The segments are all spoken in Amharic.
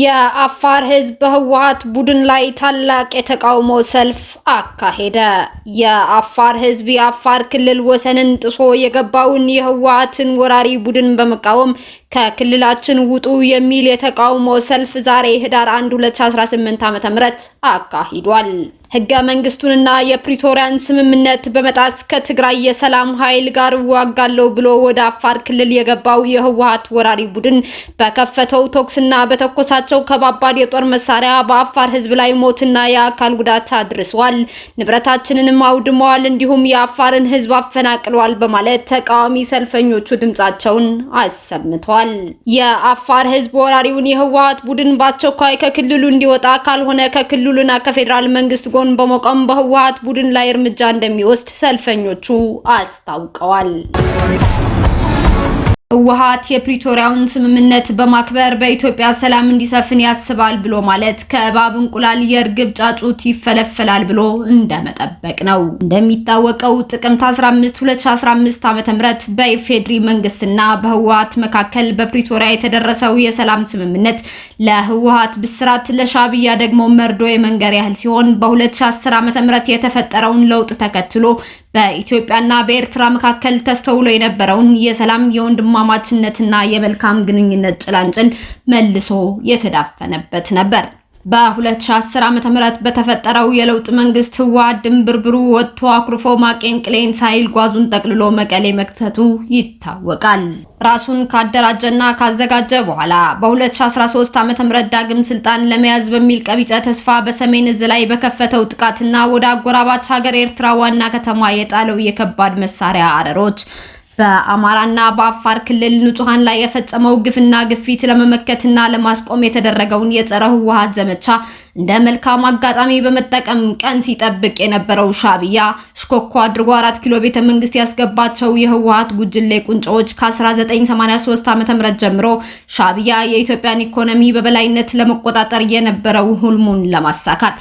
የአፋር ህዝብ በህወሀት ቡድን ላይ ታላቅ የተቃውሞ ሰልፍ አካሄደ። የአፋር ህዝብ የአፋር ክልል ወሰንን ጥሶ የገባውን የህወሀትን ወራሪ ቡድን በመቃወም ከክልላችን ውጡ የሚል የተቃውሞ ሰልፍ ዛሬ ህዳር 1 2018 ዓ.ም አካሂዷል። ህገ መንግስቱንና የፕሪቶሪያን ስምምነት በመጣስ ከትግራይ የሰላም ኃይል ጋር ዋጋለው ብሎ ወደ አፋር ክልል የገባው የህወሀት ወራሪ ቡድን በከፈተው ተኩስና በተኮሳቸው ከባባድ የጦር መሳሪያ በአፋር ህዝብ ላይ ሞትና የአካል ጉዳት አድርሰዋል፣ ንብረታችንንም አውድመዋል፣ እንዲሁም የአፋርን ህዝብ አፈናቅለዋል በማለት ተቃዋሚ ሰልፈኞቹ ድምጻቸውን አሰምተዋል። ተናግረዋል። የአፋር ህዝብ ወራሪውን የህወሀት ቡድን በአስቸኳይ ከክልሉ እንዲወጣ ካልሆነ ከክልሉና ከፌዴራል መንግስት ጎን በመቆም በህወሀት ቡድን ላይ እርምጃ እንደሚወስድ ሰልፈኞቹ አስታውቀዋል። ህወሓት የፕሪቶሪያውን ስምምነት በማክበር በኢትዮጵያ ሰላም እንዲሰፍን ያስባል ብሎ ማለት ከእባብ እንቁላል የእርግብ ጫጩት ይፈለፈላል ብሎ እንደመጠበቅ ነው። እንደሚታወቀው ጥቅምት 15 2015 ዓ.ም በኢፌድሪ መንግስትና በህወሓት መካከል በፕሪቶሪያ የተደረሰው የሰላም ስምምነት ለህወሓት ብስራት፣ ለሻዕቢያ ደግሞ መርዶ የመንገር ያህል ሲሆን በ2010 ዓ.ም የተፈጠረውን ለውጥ ተከትሎ በኢትዮጵያና በኤርትራ መካከል ተስተውሎ የነበረውን የሰላም የወንድማማችነትና የመልካም ግንኙነት ጭላንጭል መልሶ የተዳፈነበት ነበር። በ2010 ዓ.ም በተፈጠረው የለውጥ መንግስት ህወሓት ድንብርብሩ ወጥቶ አኩርፎ ማቄንቅሌን ሳይል ጓዙን ጠቅልሎ መቀሌ መክተቱ ይታወቃል። ራሱን ካደራጀና ካዘጋጀ በኋላ በ2013 ዓ.ም ዳግም ስልጣን ለመያዝ በሚል ቀቢጸ ተስፋ በሰሜን እዝ ላይ በከፈተው ጥቃትና ወደ አጎራባች ሀገር ኤርትራ ዋና ከተማ የጣለው የከባድ መሳሪያ አረሮች በአማራና በአፋር ክልል ንጹሃን ላይ የፈጸመው ግፍና ግፊት ለመመከትና ለማስቆም የተደረገውን የጸረ ህወሓት ዘመቻ እንደ መልካም አጋጣሚ በመጠቀም ቀን ሲጠብቅ የነበረው ሻዕቢያ ሽኮኮ አድርጎ አራት ኪሎ ቤተ መንግስት ያስገባቸው የህወሓት ጉጅሌ ቁንጮዎች ከ1983 ዓ.ም ጀምሮ ሻዕቢያ የኢትዮጵያን ኢኮኖሚ በበላይነት ለመቆጣጠር የነበረው ህልሙን ለማሳካት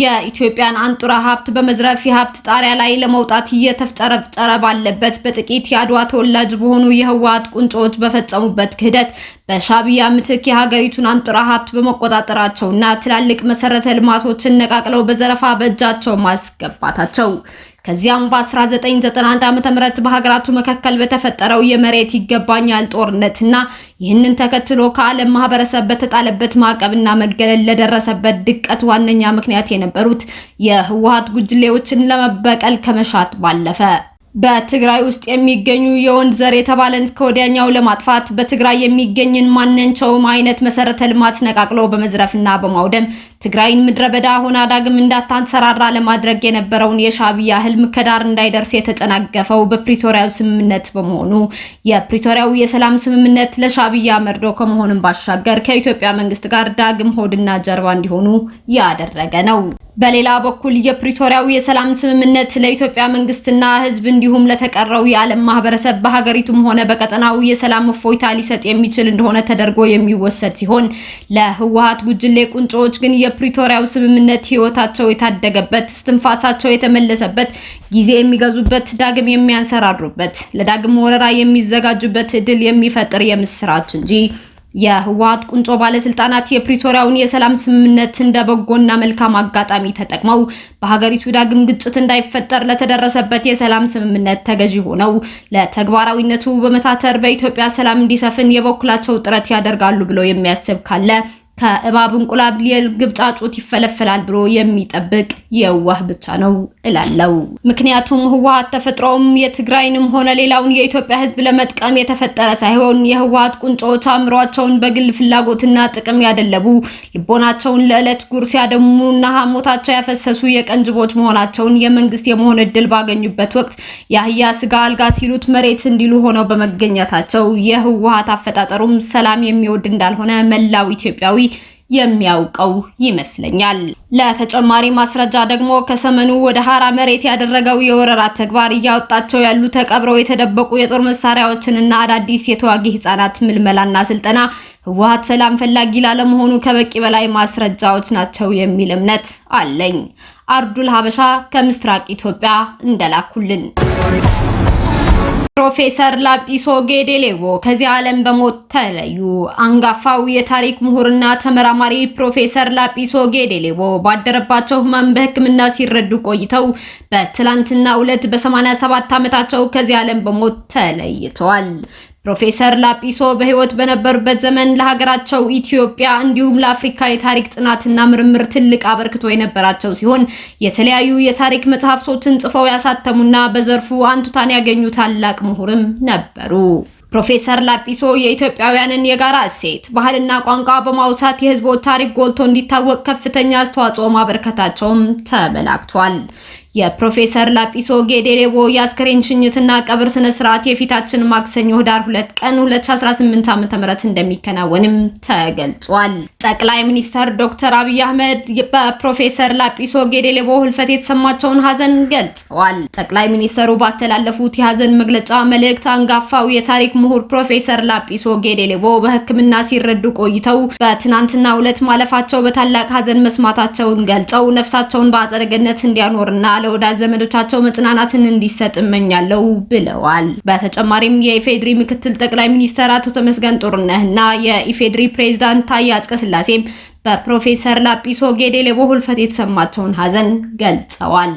የኢትዮጵያን አንጡራ ሀብት በመዝረፍ የሀብት ጣሪያ ላይ ለመውጣት እየተፍጨረጨረ ባለበት በጥቂት የአድዋ ተወላጅ በሆኑ የህወሓት ቁንጮዎች በፈጸሙበት ክህደት በሻቢያ ምትክ የሀገሪቱን አንጡራ ሀብት በመቆጣጠራቸውና ትላልቅ መሰረተ ልማቶችን ነቃቅለው በዘረፋ በእጃቸው ማስገባታቸው ከዚያም በ1991 ዓ.ም በሀገራቱ መካከል በተፈጠረው የመሬት ይገባኛል ጦርነትና ይህንን ተከትሎ ከዓለም ማህበረሰብ በተጣለበት ማዕቀብና መገለል ለደረሰበት ድቀት ዋነኛ ምክንያት የነበሩት የህወሓት ጉጅሌዎችን ለመበቀል ከመሻት ባለፈ በትግራይ ውስጥ የሚገኙ የወንድ ዘር የተባለን ከወዲያኛው ለማጥፋት በትግራይ የሚገኝን ማንኛውም አይነት መሰረተ ልማት ነቃቅሎ በመዝረፍና በማውደም ትግራይን ምድረ በዳ ሆና ዳግም እንዳታንሰራራ ለማድረግ የነበረውን የሻዕቢያ ህልም ከዳር እንዳይደርስ የተጨናገፈው በፕሪቶሪያው ስምምነት በመሆኑ የፕሪቶሪያው የሰላም ስምምነት ለሻቢያ መርዶ ከመሆንም ባሻገር ከኢትዮጵያ መንግስት ጋር ዳግም ሆድና ጀርባ እንዲሆኑ ያደረገ ነው። በሌላ በኩል የፕሪቶሪያው የሰላም ስምምነት ለኢትዮጵያ መንግስትና ህዝብ እንዲሁም ለተቀረው የዓለም ማህበረሰብ በሀገሪቱም ሆነ በቀጠናው የሰላም እፎይታ ሊሰጥ የሚችል እንደሆነ ተደርጎ የሚወሰድ ሲሆን ለህወሀት ጉጅሌ ቁንጮዎች ግን የፕሪቶሪያው ስምምነት ህይወታቸው የታደገበት እስትንፋሳቸው የተመለሰበት ጊዜ የሚገዙበት ዳግም የሚያንሰራሩበት ለዳግም ወረራ የሚዘጋጁበት ድል የሚፈጥር የምስራች እንጂ የህወሀት ቁንጮ ባለስልጣናት የፕሪቶሪያውን የሰላም ስምምነት እንደ በጎና መልካም አጋጣሚ ተጠቅመው በሀገሪቱ ዳግም ግጭት እንዳይፈጠር ለተደረሰበት የሰላም ስምምነት ተገዢ ሆነው ለተግባራዊነቱ በመታተር በኢትዮጵያ ሰላም እንዲሰፍን የበኩላቸው ጥረት ያደርጋሉ ብሎ የሚያስብ ካለ ከእባብ እንቁላል የልግብ ጫጩት ይፈለፈላል ብሎ የሚጠብቅ የዋህ ብቻ ነው እላለው። ምክንያቱም ህወሀት ተፈጥሮም የትግራይንም ሆነ ሌላውን የኢትዮጵያ ህዝብ ለመጥቀም የተፈጠረ ሳይሆን የህወሀት ቁንጮዎች አእምሯቸውን በግል ፍላጎትና ጥቅም ያደለቡ ልቦናቸውን ለዕለት ጉር ሲያደሙና ሀሞታቸው ያፈሰሱ የቀንጅቦች መሆናቸውን የመንግስት የመሆን እድል ባገኙበት ወቅት የአህያ ስጋ አልጋ ሲሉት መሬት እንዲሉ ሆነው በመገኘታቸው የህወሀት አፈጣጠሩም ሰላም የሚወድ እንዳልሆነ መላው ኢትዮጵያዊ የሚያውቀው ይመስለኛል። ለተጨማሪ ማስረጃ ደግሞ ከሰመኑ ወደ ሀራ መሬት ያደረገው የወረራ ተግባር እያወጣቸው ያሉ ተቀብረው የተደበቁ የጦር መሳሪያዎችንና አዳዲስ የተዋጊ ህጻናት ምልመላና ስልጠና ህወሀት ሰላም ፈላጊ ላለመሆኑ ከበቂ በላይ ማስረጃዎች ናቸው የሚል እምነት አለኝ። አርዱል ሀበሻ ከምስራቅ ኢትዮጵያ እንደላኩልን ፕሮፌሰር ላጲሶ ጌዴሌዎ ከዚህ ዓለም በሞት ተለዩ። አንጋፋው የታሪክ ምሁርና ተመራማሪ ፕሮፌሰር ላጲሶ ጌዴሌዎ ባደረባቸው ሕመም በሕክምና ሲረዱ ቆይተው በትላንትና ዕለት በ87 ዓመታቸው ከዚህ ዓለም በሞት ተለይተዋል። ፕሮፌሰር ላጲሶ በህይወት በነበሩበት ዘመን ለሀገራቸው ኢትዮጵያ እንዲሁም ለአፍሪካ የታሪክ ጥናትና ምርምር ትልቅ አበርክቶ የነበራቸው ሲሆን የተለያዩ የታሪክ መጽሐፍቶችን ጽፈው ያሳተሙና በዘርፉ አንቱታን ያገኙ ታላቅ ምሁርም ነበሩ። ፕሮፌሰር ላጲሶ የኢትዮጵያውያንን የጋራ እሴት፣ ባህልና ቋንቋ በማውሳት የህዝቦች ታሪክ ጎልቶ እንዲታወቅ ከፍተኛ አስተዋጽኦ ማበርከታቸውም ተመላክቷል። የፕሮፌሰር ላጲሶ ጌዴሌቦ የአስከሬን ሽኝትና ቀብር ስነ ስርዓት የፊታችን ማክሰኞ ህዳር 2 ቀን 2018 ዓ.ም እንደሚከናወንም ተገልጿል። ጠቅላይ ሚኒስተር ዶክተር አብይ አህመድ በፕሮፌሰር ላጲሶ ጌዴሌቦ ህልፈት የተሰማቸውን ሀዘን ገልጸዋል። ጠቅላይ ሚኒስተሩ ባስተላለፉት የሀዘን መግለጫ መልእክት አንጋፋው የታሪክ ምሁር ፕሮፌሰር ላጲሶ ጌዴሌቦ በህክምና ሲረዱ ቆይተው በትናንትናው ዕለት ማለፋቸው በታላቅ ሀዘን መስማታቸውን ገልጸው ነፍሳቸውን በአጸደ ገነት እንዲያኖርና ለወዳጅ ዘመዶቻቸው መጽናናትን እንዲሰጥ እመኛለሁ ብለዋል። በተጨማሪም የኢፌድሪ ምክትል ጠቅላይ ሚኒስትር አቶ ተመስገን እና የኢፌድሪ ፕሬዚዳንት ታዬ አጽቀሥላሴም በፕሮፌሰር ላጲሶ ጌዴሌቦ ህልፈት የተሰማቸውን ሀዘን ገልጸዋል።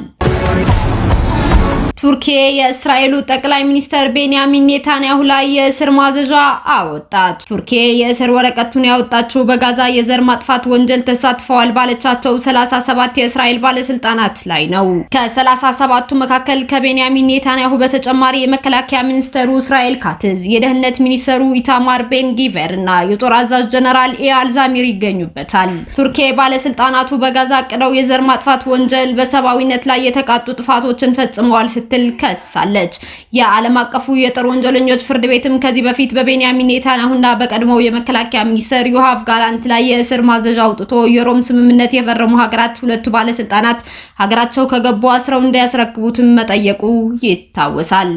ቱርኪዬ የእስራኤሉ ጠቅላይ ሚኒስተር ቤንያሚን ኔታንያሁ ላይ የእስር ማዘዣ አወጣች። ቱርኪዬ የእስር ወረቀቱን ያወጣችው በጋዛ የዘር ማጥፋት ወንጀል ተሳትፈዋል ባለቻቸው 37 የእስራኤል ባለስልጣናት ላይ ነው። ከ37ቱ መካከል ከቤንያሚን ኔታንያሁ በተጨማሪ የመከላከያ ሚኒስተሩ እስራኤል ካትዝ፣ የደህንነት ሚኒስተሩ ኢታማር ቤን ጊቨር እና የጦር አዛዥ ጀነራል ኤያል ዛሚር ይገኙበታል። ቱርኪዬ ባለስልጣናቱ በጋዛ አቅደው የዘር ማጥፋት ወንጀል በሰብአዊነት ላይ የተቃጡ ጥፋቶችን ፈጽመዋል ስትል ከሳለች። የዓለም አቀፉ የጦር ወንጀለኞች ፍርድ ቤትም ከዚህ በፊት በቤንያሚን ኔታንያሁና በቀድሞው የመከላከያ ሚኒስትር ዮሃፍ ጋላንት ላይ የእስር ማዘዣ አውጥቶ የሮም ስምምነት የፈረሙ ሀገራት ሁለቱ ባለስልጣናት ሀገራቸው ከገቡ አስረው እንዳያስረክቡትም መጠየቁ ይታወሳል።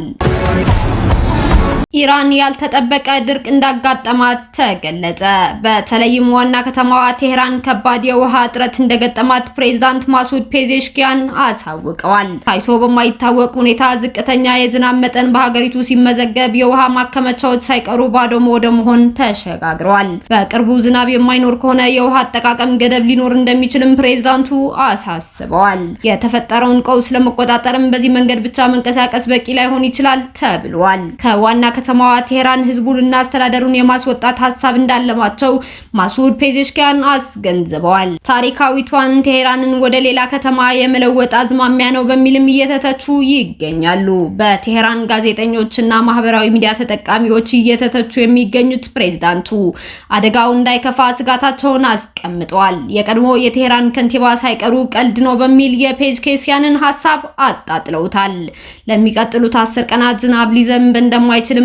ኢራን ያልተጠበቀ ድርቅ እንዳጋጠማት ተገለጸ። በተለይም ዋና ከተማዋ ቴህራን ከባድ የውሃ እጥረት እንደገጠማት ፕሬዝዳንት ማሱድ ፔዜሽኪያን አሳውቀዋል። ታይቶ በማይታወቅ ሁኔታ ዝቅተኛ የዝናብ መጠን በሀገሪቱ ሲመዘገብ የውሃ ማከመቻዎች ሳይቀሩ ባዶ ወደ መሆን ተሸጋግረዋል። በቅርቡ ዝናብ የማይኖር ከሆነ የውሃ አጠቃቀም ገደብ ሊኖር እንደሚችልም ፕሬዝዳንቱ አሳስበዋል። የተፈጠረውን ቀውስ ለመቆጣጠርም በዚህ መንገድ ብቻ መንቀሳቀስ በቂ ላይሆን ይችላል ተብሏል። ከዋና ከተማዋ ቴህራን ህዝቡንና አስተዳደሩን የማስወጣት ሀሳብ እንዳለማቸው ማሱድ ፔዜሽኪያን አስገንዝበዋል። ታሪካዊቷን ቴህራንን ወደ ሌላ ከተማ የመለወጥ አዝማሚያ ነው በሚልም እየተተቹ ይገኛሉ። በቴህራን ጋዜጠኞችና ማህበራዊ ሚዲያ ተጠቃሚዎች እየተተቹ የሚገኙት ፕሬዝዳንቱ አደጋው እንዳይከፋ ስጋታቸውን አስቀምጠዋል። የቀድሞ የቴህራን ከንቲባ ሳይቀሩ ቀልድ ነው በሚል የፔዜሽኪያንን ሀሳብ አጣጥለውታል። ለሚቀጥሉት አስር ቀናት ዝናብ ሊዘንብ እንደማይችልም